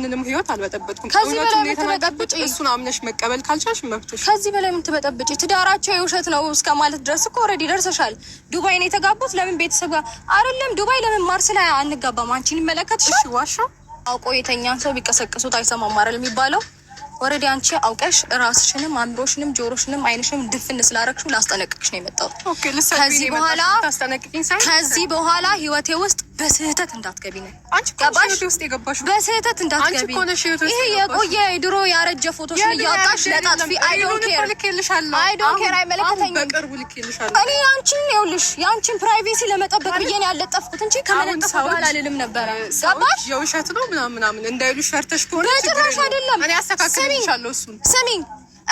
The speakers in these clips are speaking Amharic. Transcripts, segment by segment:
የማንንም ህይወት አልበጠበጥኩም። ከዚህ በላይ ምን የምትበጠብጪ እሱን አምነሽ መቀበል ካልቻልሽ መብትሽ። ከዚህ በላይ ምን የምትበጠብጪ ትዳራቸው የውሸት ነው እስከ ማለት ድረስ እኮ ኦልሬዲ ደርሰሻል። ዱባይ ነው የተጋቡት። ለምን ቤተሰብ አይደለም? ዱባይ ለምን ማርስ ላይ አንጋባም? አንቺን ይመለከትሽ። እሺ ዋሻው አውቆ የተኛን ሰው ቢቀሰቅሱት አይሰማም አይደል የሚባለው? ወረዲ አንቺ አውቀሽ ራስሽንም አምሮሽንም ጆሮሽንም አይንሽንም ድፍን ስላረግሽው ላስጠነቅቅሽ ነው የመጣሁት። ከዚህ በኋላ ህይወቴ ውስጥ በስህተት እንዳትገቢ ነው። አንቺ ኮሽ ውስጥ የገባሽ በስህተት እንዳትገቢ። ይሄ የቆየ የድሮ ያረጀ ፎቶሽ እያወጣሽ ለጣጥፊ። አይ ዶንት ኬር አይ ዶንት ኬር አይመለከተኝም። በቅርቡ ልኬልሻለሁ። እኔ አንቺን ይኸውልሽ፣ የአንቺን ፕራይቬሲ ለመጠበቅ ብዬ ነው ያለጠፍኩት እንጂ ከመለጠፍ በኋላ አልልም ነበረ። ገባሽ? የውሸት ነው ምናምን ምናምን እንዳይሉሽ ፈርተሽ ከሆነ ጭራሽ አይደለም። እኔ አስተካክልልሻለሁ። እሱን ስሚኝ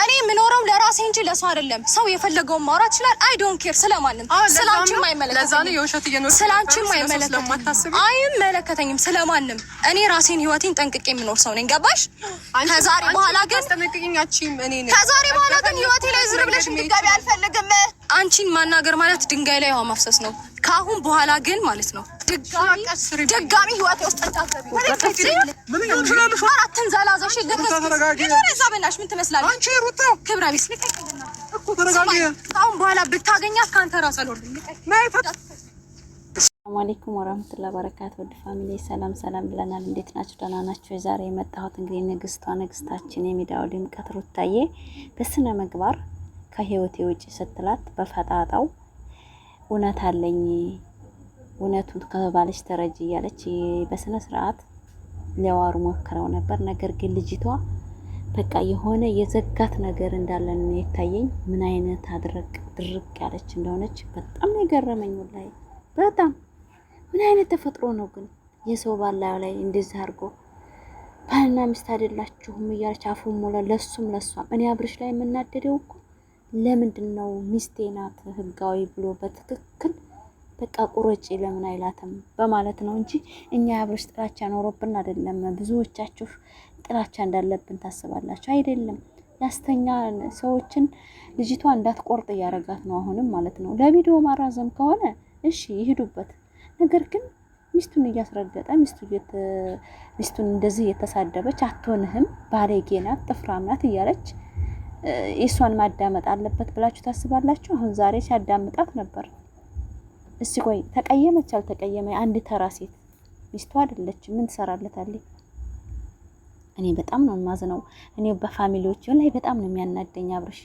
እኔ የምኖረው ለራሴ እንጂ ለሰው አይደለም። ሰው የፈለገውን ማውራት ይችላል። አይ ዶንት ኬር ስለማንም፣ ስላንቺም አይመለከተኝም፣ ስላንቺም አይመለከተኝም፣ አይመለከተኝም ስለማንም። እኔ ራሴን ህይወቴን ጠንቅቄ የምኖር ሰው ነኝ። ገባሽ? ከዛሬ በኋላ ግን ከዛሬ በኋላ ግን ህይወቴ ላይ ዝም ብለሽ እንድትገቢ አልፈልግም። አንቺን ማናገር ማለት ድንጋይ ላይ ውሃ ማፍሰስ ነው። ከአሁን በኋላ ግን ማለት ነው ድጋሚ ህይወቴ ውስጥ ምን ትመስላለች? ክብረ ቢስ ከአሁን በኋላ ብታገኛት ከአንተ ራስ ሰላም አለይኩም ወራህመቱላሂ ወበረካቱ። ውድ ፋሚሊ ሰላም ሰላም ብለናል። እንዴት ናችሁ? ደህና ናችሁ? ዛሬ የመጣሁት እንግዲህ ንግስቷ ንግስታችን የሚዲያው ድምቀት ሩታዬ በስነ ምግባር ከህይወቴ ውጭ ስትላት በፈጣጣው እውነት አለኝ እውነቱን ከባለች ተረጂ እያለች በስነ ስርዓት ሊያዋሩ ሞክረው ነበር። ነገር ግን ልጅቷ በቃ የሆነ የዘጋት ነገር እንዳለን የታየኝ። ምን አይነት አድረግ ድርቅ ያለች እንደሆነች በጣም የገረመኝ። ላይ በጣም ምን አይነት ተፈጥሮ ነው ግን የሰው ባላዩ ላይ እንደዚህ አድርጎ ባልና ሚስት አይደላችሁም እያለች አፉን ሞላ። ለሱም ለሷም እኔ አብርሽ ላይ የምናደደው እኮ ለምንድን ነው ሚስቴ ናት ህጋዊ ብሎ በትክክል በቃ ቁረጭ ለምን አይላትም በማለት ነው እንጂ እኛ የአብርሽ ጥላቻ ኖሮብን አይደለም። ብዙዎቻችሁ ጥላቻ እንዳለብን ታስባላችሁ አይደለም። ያስተኛ ሰዎችን ልጅቷ እንዳትቆርጥ እያደረጋት ነው አሁንም ማለት ነው። ለቪዲዮ ማራዘም ከሆነ እሺ ይሄዱበት። ነገር ግን ሚስቱን እያስረገጠ ሚስቱን እንደዚህ እየተሳደበች አትሆንህም፣ ባለጌ ናት፣ ጥፍራም ናት እያለች የእሷን ማዳመጥ አለበት ብላችሁ ታስባላችሁ? አሁን ዛሬ ሲያዳምጣት ነበር። እስቲ ቆይ ተቀየመች አልተቀየመ፣ አንድ ተራ ሴት ሚስቱ አይደለች፣ ምን ትሰራለታለች? እኔ በጣም ነው የማዝነው። እኔ በፋሚሊዎች ላይ በጣም ነው የሚያናደኝ አብርሽ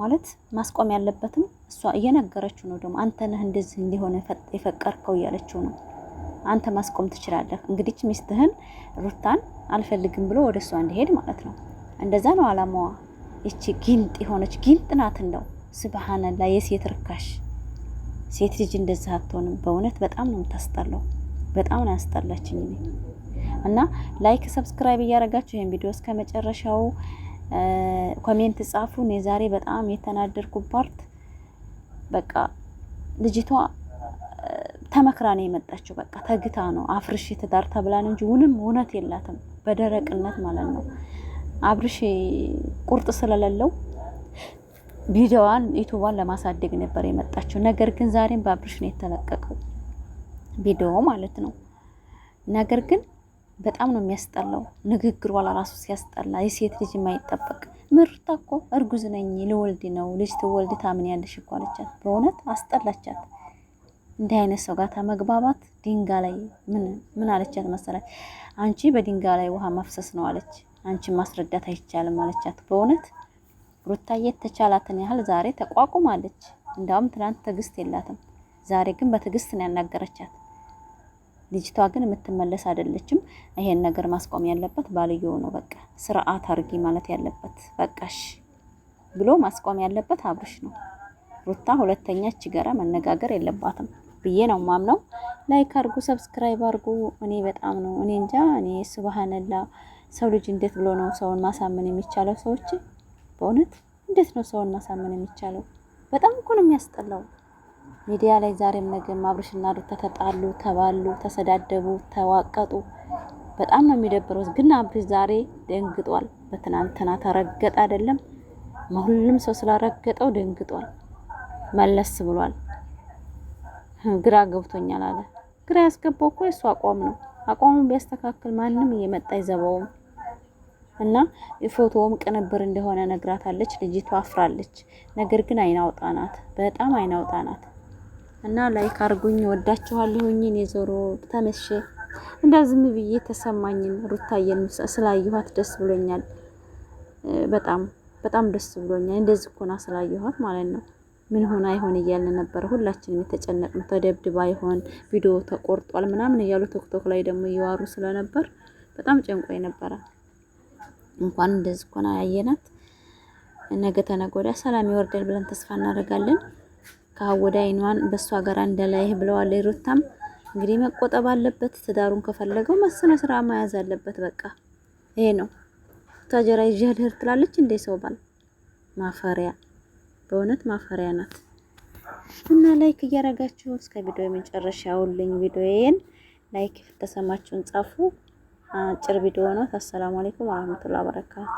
ማለት ማስቆም ያለበትም እሷ እየነገረችው ነው። ደግሞ አንተ ነህ እንደዚህ እንዲሆነ የፈቀርከው እያለችው ነው። አንተ ማስቆም ትችላለህ። እንግዲህ ሚስትህን ሩታን አልፈልግም ብሎ ወደ እሷ እንዲሄድ ማለት ነው። እንደዛ ነው አላማዋ። ይቺ ጊንጥ የሆነች ጊንጥ ናት። እንደው ስብሃንላ የሴት ርካሽ ሴት ልጅ እንደዛ አትሆንም። በእውነት በጣም ነው የምታስጠላው። በጣም ነው ያስጠላችኝ። እና ላይክ ሰብስክራይብ እያደረጋችሁ ይህን ቪዲዮ እስከ መጨረሻው ኮሜንት ጻፉ። እኔ ዛሬ በጣም የተናደርኩ ፓርት በቃ ልጅቷ ተመክራ ነው የመጣችው። በቃ ተግታ ነው አፍርሽ ትዳር ተብላን እንጂ ውንም እውነት የላትም በደረቅነት ማለት ነው። አብርሽ ቁርጥ ስለሌለው ቪዲዮዋን ዩቱቧን ለማሳደግ ነበር የመጣችው። ነገር ግን ዛሬም በአብርሽ ነው የተለቀቀው ቪዲዮ ማለት ነው። ነገር ግን በጣም ነው የሚያስጠላው። ንግግሩ ለራሱ ሲያስጠላ የሴት ልጅ የማይጠበቅ ምርታ እኮ እርጉዝ ነኝ ልወልድ ነው ልጅ ትወልድ ታምን ያለሽ እኮ አለቻት። በእውነት አስጠላቻት። እንዲህ አይነት ሰው ጋር ተመግባባት ድንጋይ ላይ ምን አለቻት መሰላት፣ አንቺ በድንጋይ ላይ ውሃ መፍሰስ ነው አለች። አንቺ ማስረዳት አይቻልም አለቻት። በእውነት ሩታ የተቻላትን ያህል ዛሬ ተቋቁማለች። እንዳውም ትናንት ትዕግስት የላትም፣ ዛሬ ግን በትዕግስት ነው ያናገረቻት። ልጅቷ ግን የምትመለስ አይደለችም። ይሄን ነገር ማስቆም ያለበት ባልየው ነው። በቃ ስርዓት አርጊ ማለት ያለበት በቃሽ ብሎ ማስቆም ያለበት አብርሽ ነው። ሩታ ሁለተኛ እቺ ጋራ መነጋገር የለባትም ብዬ ነው ማምነው። ላይክ አርጉ፣ ሰብስክራይብ አርጉ። እኔ በጣም ነው እኔ እንጃ እኔ ስብሃንላ ሰው ልጅ እንዴት ብሎ ነው ሰውን ማሳመን የሚቻለው? ሰዎች በእውነት እንዴት ነው ሰውን ማሳመን የሚቻለው? በጣም እኮ ነው የሚያስጠላው። ሚዲያ ላይ ዛሬም ነገ አብርሽና ሩታ ተጣሉ፣ ተባሉ፣ ተሰዳደቡ፣ ተዋቀጡ። በጣም ነው የሚደብረው። ግን አብርሽ ዛሬ ደንግጧል። በትናንትና ተረገጠ አይደለም ሁሉም ሰው ስላረገጠው ደንግጧል። መለስ ብሏል። ግራ ገብቶኛል አለ። ግራ ያስገባው እኮ የሱ አቋም ነው። አቋሙን ቢያስተካክል ማንም እየመጣ አይዘባውም። እና ፎቶውም ቅንብር እንደሆነ ነግራታለች። ልጅቷ አፍራለች። ነገር ግን አይናውጣናት በጣም አይናውጣናት እና ላይክ አርጉኝ። ወዳችኋለሁ። እኔ የዞሮ ተመሸ እንደው ዝም ብዬ ተሰማኝን ሩታየን ስላየኋት ደስ ብሎኛል። በጣም በጣም ደስ ብሎኛል። እንደዚህ ኮና ስላየኋት ማለት ነው። ምን ሆና ይሆን እያለ ነበረ ሁላችንም የተጨነቅነው። ተደብድባ ይሆን ቪዲዮ ተቆርጧል ምናምን እያሉ ቶክቶክ ላይ ደግሞ እየዋሩ ስለነበር በጣም ጨንቆይ ነበረ። እንኳን እንደዚህ ኮና ያየናት ነገ ተነገ ወዲያ ሰላም ይወርዳል ብለን ተስፋ እናደርጋለን። ከአወዳ አይኗን በእሱ ሀገር እንደላይህ ብለዋል። ሩታም እንግዲህ መቆጠብ አለበት። ትዳሩን ከፈለገው መስነ ስራ መያዝ አለበት። በቃ ይሄ ነው። ታጀራ ይዤ ልሄድ ትላለች እንዴ ሰው ባል ማፈሪያ፣ በእውነት ማፈሪያ ናት። እና ላይክ እያደረጋችሁ እስከ ቪዲዮ የመጨረሻ ያውልኝ ቪዲዮዬን ላይክ የተሰማችሁን ጻፉ። አጭር ቪዲዮ ነው። አሰላሙ አለይኩም ወራህመቱላሂ ወበረካቱ